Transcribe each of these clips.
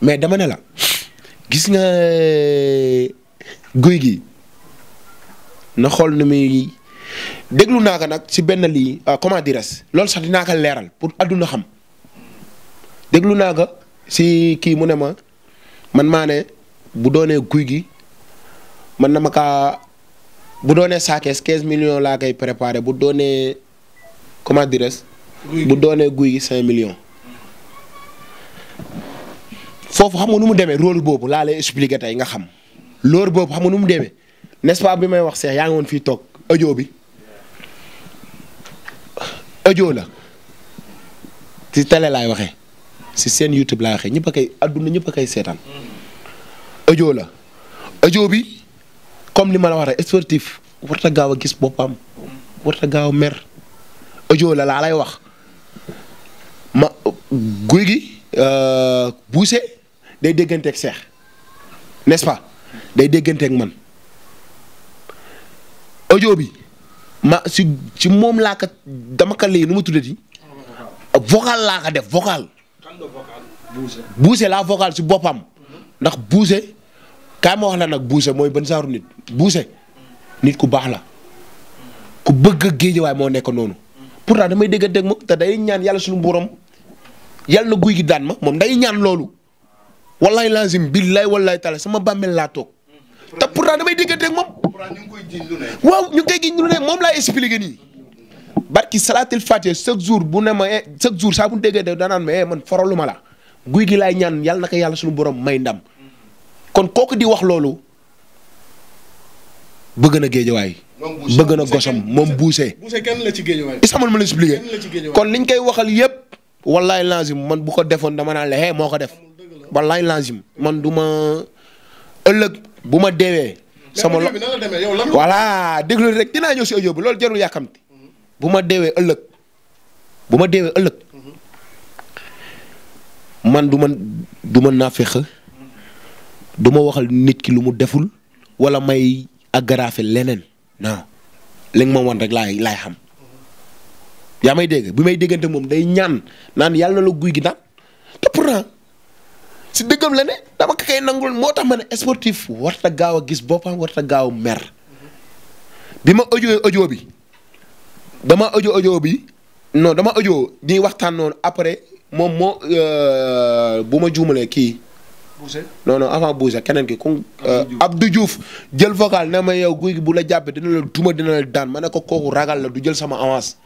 mais dama ne la gis nga guy gi na xool nu muy déglu naa ko nag si benn lii ah, comment dire lool sax dinaa ko leeral pour àdduna xam déglu naa ko si kii mu ne ma man maa ne bu doonee guy gi man na ma kaa bu doonee saakees 15 millions laa koy préparé bu doonee comment dire bu doonee guy gi 5 million foofu xam nga nu mu demee rôle boobu laa lay expliquer tey nga xam loolu boobu xam nga nu mu demee nest pas bi may wax seex yaa ngi woon fii toog audio bi audio la ci seen YouTube laay waxee ñëpp kay koy adduna ñëpp a seetaan audio la comme li ma la wax rek sportif warta gaaw a gis boppam warta gaaw a mer audio laa lay wax ma guy euh, day dégganteeg seex n'est-ce day dégganteeg man audio bi si moom laa ko dama ko lii nu mu tuddati. vocal laa ko def vocal. kan nga vocal buuse. buuse laa vocal si boppam. ndax buuse kaay ma wax la nag buuse mooy ban saaru nit buuse nit ku baax la ku bëgg géejawaay moo nekk noonu. a damay dégganteeg moom te day ñaan yàlla suñu borom yàlla na guy gi daan ma moom day ñaan loolu. wallaay lazim billaay wallaay taala sama bàmmeel laa toog. te pourtant damay déggante ak moom. pourtant ñu ngi koy jiñ lu ne. waaw ñu ngi koy lu ne moom laa expliqué nii. barki salaatil fatiha chaque jour bu ne ma eh, chaque jour saa bu déggante ma eh man faralu ma la guy gi laay ñaan yàlla na ko yàlla suñu borom may ndam. kon kooku di wax loolu bëgg na waay bëgg na gosam moom buuse. buuse kenn la ci géejawaay. is xamal ma la expliqué. kon liñ koy waxal yëpp. wallaay man bu ko defoon dama naan la eh moo ko def. wallaay laazim man du ma ëllëg bu ma deewee. sama lo voilà rek dinaa ñëw si audio bi loolu jarul yàkkamti bu ma deewee ëllëg ma deewee ëllëg man du ma du ma naafeq du ma waxal nit ki lu mu deful wala may aggraver leneen non li nga ma wan rek laay laay xam yaa may dégg bi may déggante moom day ñaan naan yàlla la guy gi naan te si dëggam la ne dama ko koy moo tax ma ne sportif warta gaaw a gis boppam warta gaaw mer bi ma audio audio bi dama audio audio bi non dama audio di waxtaan noonu après moom moo euh, bu ma juumalee kii. Boucher non non keneen ki ku. Euh, Abdou Diouf jël vocal ne ma yow guy gi bu la jàppee dina la duma dina la daan ma ne ko kooku ragal la du jël sama avance.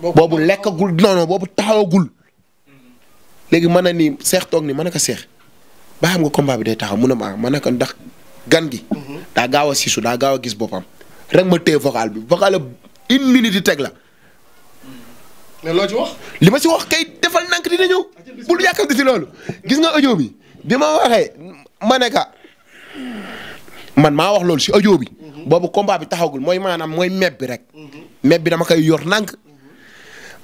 boobu lekkagul non non boobu taxawagul. Mm-hmm. léegi mën na ni seex toog ni mën na ko seex ba xam nga combat bi day taxaw mu ne ma ma ne ko ndax gan gi. Mhm. daa gaaw a siisu daa gaaw a gis boppam. rek ma téye vocal bi vocal une minute di teg la. mais loo ci wax. li ma si wax kay defal nank dina ñëw. Ah, bul si loolu. gis nga audio bi bi ma waxee ma ne man maa wax loolu si audio bi. Mhm. boobu combat bi taxawgul mooy maanaam mooy meb bi rek. Mhm. meb bi dama koy yor nank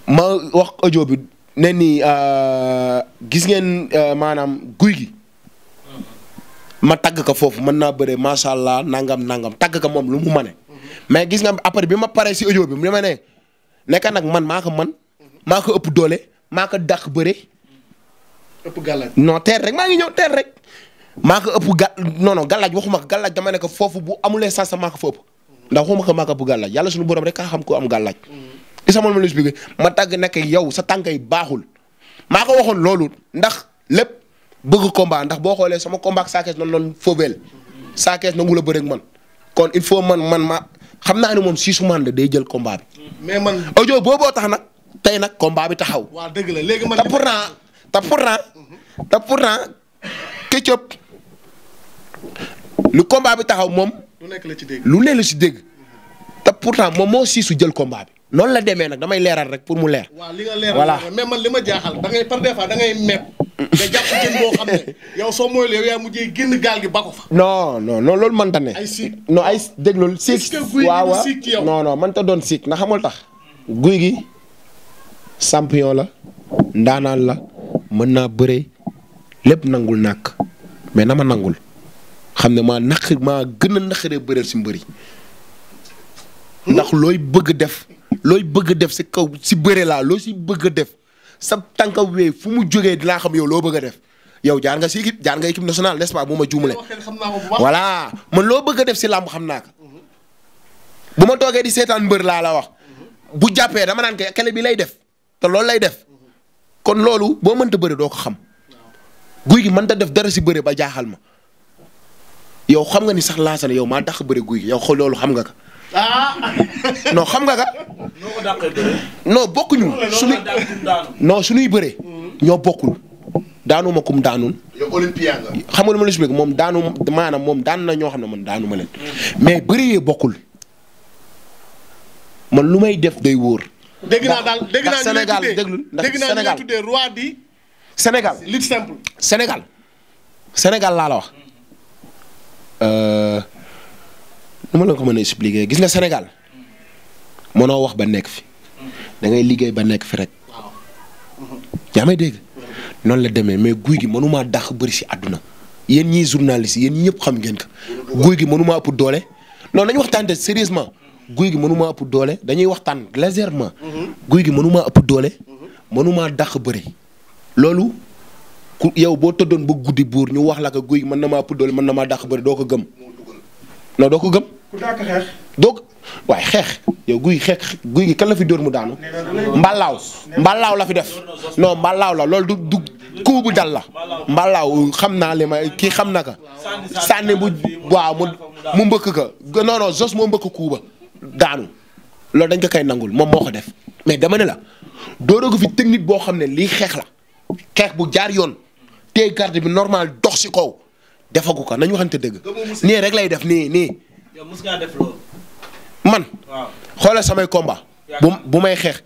ma wax audio bi ne ni euh, gis ngeen euh, maanaam guy gi. ma tagg ko foofu mën naa bëree macha allah nangam nangam tagg ko moom lu mu mane. ma gis nga après bi ma paree si audio bi mu ma ne ka nag man maa ko man maa ko ëpp doole maa ko dàq bëre. ëpp gàllaaj non teel rek maa ngi ñëw teel rek. maa ko ëpp ga non non gàllaaj waxuma ko gàllaaj dama ne ko foofu bu amulee sa maa ko fa ëpp. ndax ma ko maa ko ëpp gàllaaj yàlla suñu borom rek kaa xam ko am gàllaaj. isa ma ma lu expliqué ma tàgg nekk yow sa tànk yi baaxul. maa ko waxoon loolu ndax lépp. bëgg combat ndax boo xoolee sama combat ak saakees noonu noonu foobeel saakees nangu la bëre man kon il faut man man ma xam naa ne moom si su man la day jël combat bi. mais man audio booboo tax na tey nag combat bi taxaw. waaw dëgg la léegi man te pourtant te pourtant te pourtant Ketchup lu combat bi taxaw moom. lu nekk la ci dégg lu nekk la ci dégg. te pourtant moom moo siisu jël combat bi. noonu la demee nag damay leeral rek pour mu leer. waaw li nga leeral voilà mais man li ma jaaxal da ngay par des fois nga jàpp jën boo xam ne yow soo mooy yow génn gaal gi ba ko fa. non non non loolu mënta ne. ay siik non ay doon siik ndax xamul tax. guy gi champion la ndaanaan la mën naa bëre lépp nangul nàkk mais na ma nangul xam ne maa naq maa gën a naqaree bëreel si mbëri ndax looy bëgg def looy bëgg def si kaw si bëre laa loo si bëgg def. sa tànka wee fu mu jógee dinaa xam yow loo bëgg a def yow jaar nga si équipe jaar nga équipe nationale n'est-ce pas bu ma juumalee. voilà man loo bëgg a def si làmb xam naa ko. bu ma toogee di seetaan mbër laa la wax. bu jàppee dama naan kay kele bi lay def te loolu lay def. kon loolu boo mënta bëre doo ko xam. guy gi mënta def dara si bëre ba jaaxal ma. yow xam nga ni sax laasana yow maa tax bëre guy gi yow xool loolu xam nga ko. ah. non xam nga ka. noo ko dàqee bëree. non bokkuñu. suñuy suñuy bëree. Mm-hmm. ñoo bokkul daanu ma kum daanul. yow xam nga lu ma la expliqué moom daanu maanaam moom daan na ñoo xam ne man daanu ma leen. Mm-hmm. mais bëri yee bokkul man lu may def day wóor. dégg naa déglu ndax Sénégal tuddee roi di. Sénégal Sénégal Sénégal nu ma la ko mën a expliquer gis nga Sénégal noo wax ba nekk fi dangay liggéey ba nekk fi rek. yaa may dégg noonu la demee mais guy gi mënumaa dàq bëri si àdduna yéen ñii journaliste yéen ñëpp xam ngeen ko guy gi mënumaa ëpp doole non nañu waxtaan te sérieusement guy gi mënumaa ëpp doole dañuy waxtaan légèrement guy gi mënumaa ëpp doole mënumaa dàq bëri loolu ku yow boo tëddoon ba guddi buur ñu wax la ko guy gi mën na maa ëpp doole mën na maa dàq bëri doo ko gëm non doo ko gëm doog dàq xeex. waaye xeex yow guy xeex guy gi kan la fi dóor mu daanu. mbalaaw mbalaaw la fi def. no mbalaaw la loolu du du kuu bu dal la. mbalaaw xam naa li may kii xam na ka sànni bu waaw mu mu mbëkk ka non jos moo mbëkk kuu ba daanu loolu dañ ko koy nangul moom moo ko def mais dama ne la dóoroogu fi technique boo xam ne lii xeex la xeex bu jaar yoon te garde bi normal dox si kaw defagu ko nañu waxante dëgg nii rek lay def nii nii. yow mos ngaa def man. xoolal samay komba bu may xeex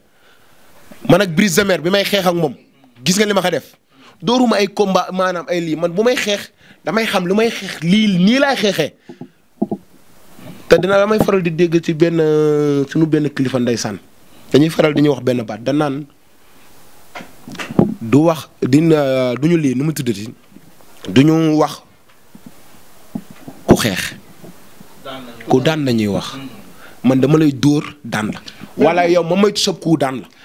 man ak Brise de bi may xeex ak moom gis nga li ma ko def dóoruma ay combat maanaam ay lii man bu may xeex damay xam lu may xeex lii nii laay xeexee te dina damay faral di dégg ci benn euh, suñu benn kilifa ndeysaan dañuy faral di ñu wax benn baat da naan du wax dina euh, du ñu lii nu mu tuddati du ñu wax ku xeex. ku daan la ñuy wax mm-hmm. man dama lay dóor daan la. Mm-hmm. wala yow ma moytu sab ku daan la.